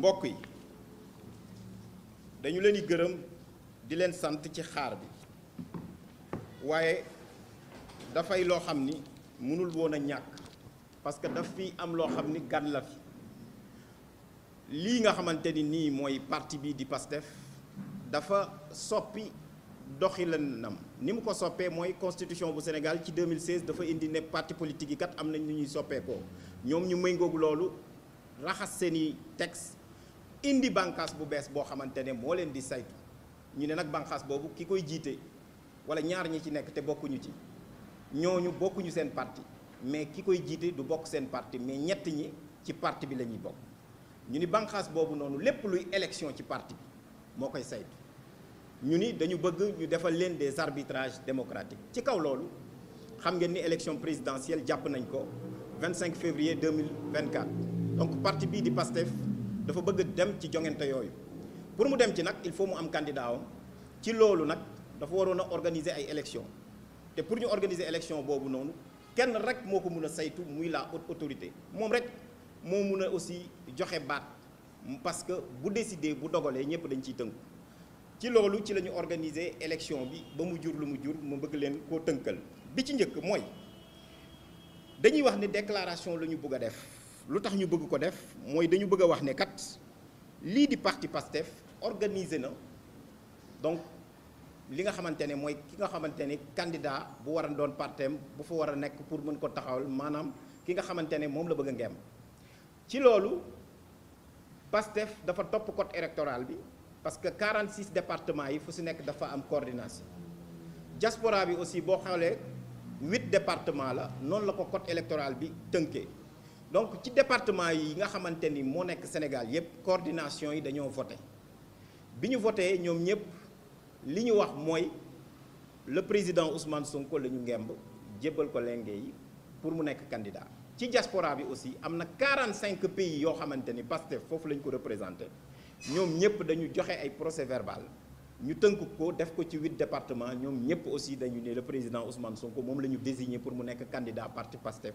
mbokk yi dañu leen di gërëm di leen sant ci xaar bi waaye dafay loo xam ni mënul woon a ñàkk parce que daf fi am loo xam ni gan la fi lii nga xamante ni nii mooy parti bii di PASTEF dafa soppi doxilinam ni mu ko soppee mooy constitution bu Sénégal ci 2016 dafa indi ne parti politique yi kat am nañ lu ñuy soppeekoo ñoom ñu méngoogu loolu raxas seeni tex indi bankas bu bes bo xamantene mo moo leen di saytu ñu ne nak bankas bobu ki koy wala ñaar ñi ci té bokku ñu ci bokku ñu sen parti mais ki koy jiite du bokk sen parti mais ñett ñi ci parti bi lañuy ñuy bokk ñu ni bànqaas boobu noonu luy élection ci parti bi moo koy saytu ñu ni dañu bëgg ñu defal leen des arbitrages démocratiques ci kaw lolu xam ngeen ni élection présidentielle japp nañ ko 25 février 2024 donc parti bi di PASTEF dafa bëgg dem ci joŋante yooyu pour mu dem ci nag il faut mu am candidat am ci loolu nag dafa waroon a organiser ay élections te pour ñu organiser élection boobu noonu kenn rek moo ko mun a saytu muy la haute autorité moom rek moo mun a aussi joxe baat parce que bu décider bu dogalee ñëpp dañ ciy tënku ci loolu ci la ñu organiser élection bi ba mu jur lu mu jur mu bëgg leen koo tënkal bi ci njëkk mooy dañuy wax ne déclaration la ñu bëgg a def lutax ñu bëgg ko def moy dañu bëgg wax né kat li di parti PASTEF organisé na donc li nga xamantene moy ki nga xamantene candidat bu war a doon partem bu fa wara nek pour mën ko taxawal manam ki nga xamantene mom la bëgg ngëm ci lolu PASTEF dafa top code électoral bi parce que 46 départements yi fu ci nek dafa am coordination diaspora bi aussi bo xoolee 8 départements la non la ko code électoral bi tënkee donc ci département yi nga xamanteni mo nek Sénégal yépp coordination yi dañoo voté Biñu ñu voté ñoom ñëpp li wax moy le président Ousmane Sonko la ñu ngemb djébal ko lengé yi pour mu nek candidat ci diaspora bi aussi amna 45 pays yo xamanteni ni Pastef fofu lañ ko représenter. Ñom ñëpp dañu joxé ay procès verbal ñu tënk ko def ko ci 8 départements ñom ñëpp aussi dañu né le président Ousmane Sonko mom lañu désigner désigné pour mu nek candidat parti Pastef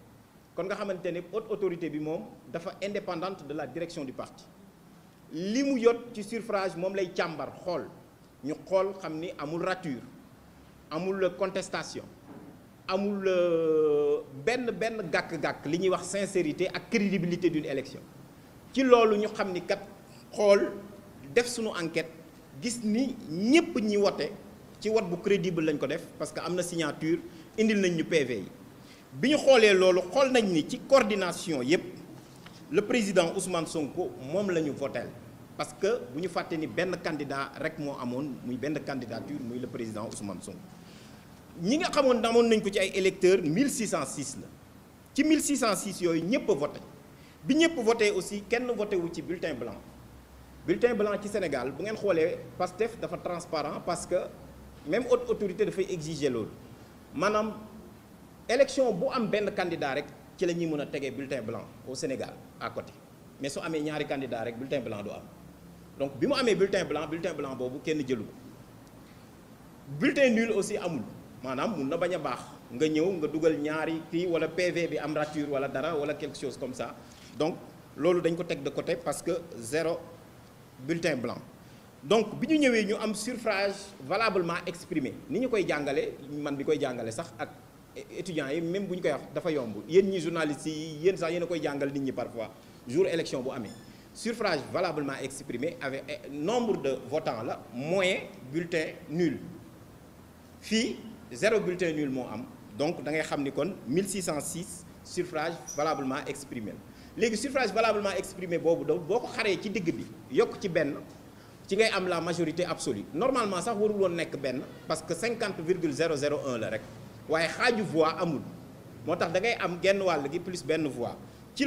kon nga xamante ne haute autorité bi mom dafa indépendante de la direction du parti limu yott ci suffrage mom lay càmbar xol ñu xol xamni amul rature amul contestation amul euh, benn ben gak gak li ñuy wax sincérité ak crédibilité d'une élection ci lolu ñu xamni kat xol def suñu enquête gis ni ñépp ñi woté ci wat bu crédible lañ ko def parce que amna signature indil nañ ñu PV yi biñu xolé xoolee xol nañ ni ci coordination yépp le président Ousmane Sonko mom lañu voter parce que buñu faté ni ben candidat rek mo amone muy ben candidature muy le président Ousmane Sonko ñi nga xamoon mon nañ ko ci ay électeurs 1606 la ci 1606 yoy ñepp a voté bi ñepp voté aussi kenn voter wu ci bulletin blanc bulletin blanc ci Sénégal bu ngeen xoolee Pastef dafa transparent parce que même haute autorité fay exiger loolu manam élection bu am ben candidat rek ci lañuy mëna bulletin blanc au Sénégal à côté mais su amé ñaari candidat rek bulletin blanc do am donc bimu amé bulletin blanc bulletin blanc bobu kenn jëlu bulletin nul aussi amul manam mun na baña a nga ñëw nga duggal ñaari kii wala PV bi am rature wala dara wala quelque chose comme ça donc lolu dañ ko teg de côté parce que zéro bulletin blanc donc biñu ñëwé ñu am suffrage valablement exprimé ni ñu koy jàngalé man bi koy jàngalé sax ak étudiants même buñ ñu koy wax dafa yomb ñi journalistes yi yéen sax des koy jàngal nit ñi parfois jour élection bu amé suffrage valablement exprimé avec eh, nombre de votants la moyen bulletin nul fi zéro bulletin nul am donc da ngay xamni kon 1606 suffrages valablement exprimé Les suffrages suffrage valablement exprimé bobu daw boo ci digg bi yok ci ben ci ngay am la majorité absolue normalement sax warul won nek ben parce que 50,001 la rek waye xaaju voix amul motax plus voix ci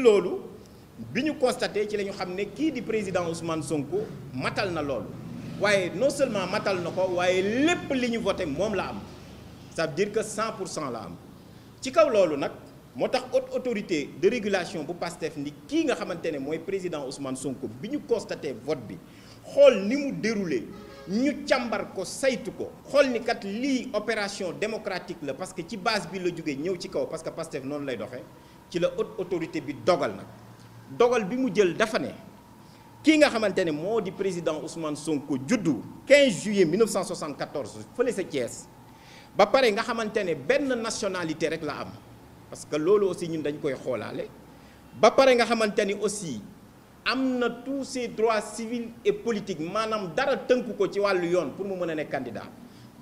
bi constater ci le président Ousmane Sonko matal na lolu waye non seulement matal waye lepp liñu voter mom la am ça veut dire que 100 la am ci kaw autorité de régulation bu PASTEF ni président Ousmane Sonko bi constater vote bi ñu càmbar ko saytu ko xool ni kat li opération démocratique la parce que ci base bi la jógee ñew ci kaw parce que Pastef non lay doxee ci la haute autorité bi dogal nak dogal bi mu jël dafa né ki nga xamante modi président Ousmane Sonko juddu 15 juillet 1974 feulé sa ties ba paré nga xamante ben nationalité rek la am parce que loolu aussi ñun dañ koy xolalé ba paré nga xamante aussi amna tous ses droits civils et politiques manam dara tënku ko ci walu yoon pour mu mën nek candidat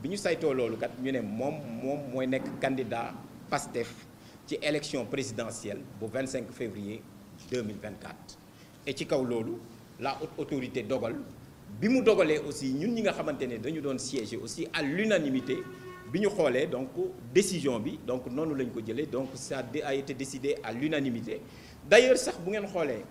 biñu sayto lolou kat ñu ne moom moom mooy nekk candidat PASTEF ci élection présidentielle bu 25 février 2024. et ci kaw lolou la haute autorité dogal bi mu dogalé aussi ñun ñi nga xamantene dañu doon siéger aussi à l'unanimité biñu xolé donc décision bi donc nonu lañ ko jëlé donc ça a été décidé à l'unanimité d'ailleurs sax bu ngeen xolé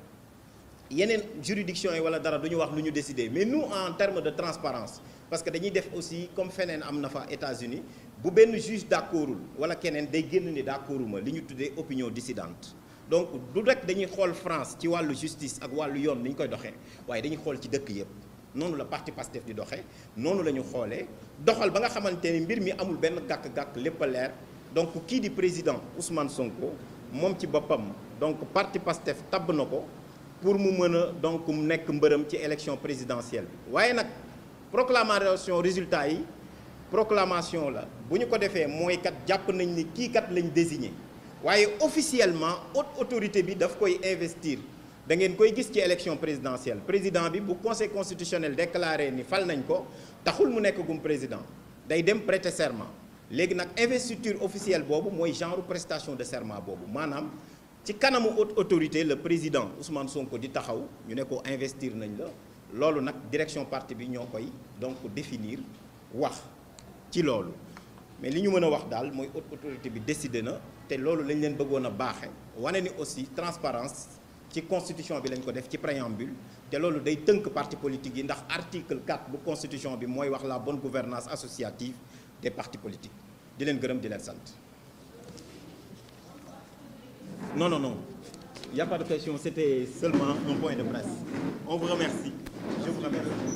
yeneen juridiction yi wala dara du ñu wax lu décider mais nous en termes de transparence parce que dañuy def aussi comme Fenen am fa États-Unis bu benn juge d'accordul wala keneen day génn ni d'accorduma li ñu opinion dissidente donc du rek dañuy xool France ci wàllu justice ak wàllu yoon ni ñu koy doxee waaye dañuy xool ci dëkk yépp noonu la parti Pastef di doxé noonu lañu xolé doxal ba nga xamanteni mbir mi amul benn gak gak lépp a donc ki di président Ousmane Sonko mom ci bopam donc parti Pastef tabb na pour mu donc mu ci élection présidentielle bi waaye proclamation résultat yi proclamation la bu ñu ko defee mooy kat jàpp nañ ni kii kat lañ désigné officiellement haute autorité bi daf koy investir da une koy gis ci élection présidentielle président bi bu conseil constitutionnel déclaré ni fal nañ ko taxul mu nekk gum président day dem prêter serment léegi investiture officielle bobo, moi genre prestation de serment bobo. Manam ci kanamu haute autorité le président Ousmane Sonko di taxaw ñu ne ko investir nañ la lolu nak direction parti bi ñoo koy donc définir wax ci lolu mais li ñu mëna wax dal moy haute autorité bi décidé na té lolu lañ leen bëggona a wané ni aussi transparence ci constitution bi lañ ko def ci préambule té lolu day tënk parti politique yi ndax article 4 bu constitution bi moy wax la bonne gouvernance associative des partis politiques di leen gërëm di leen sante non, non, non. Il n'y a pas de question. C'était seulement un point de place. On vous remercie. Je vous remercie.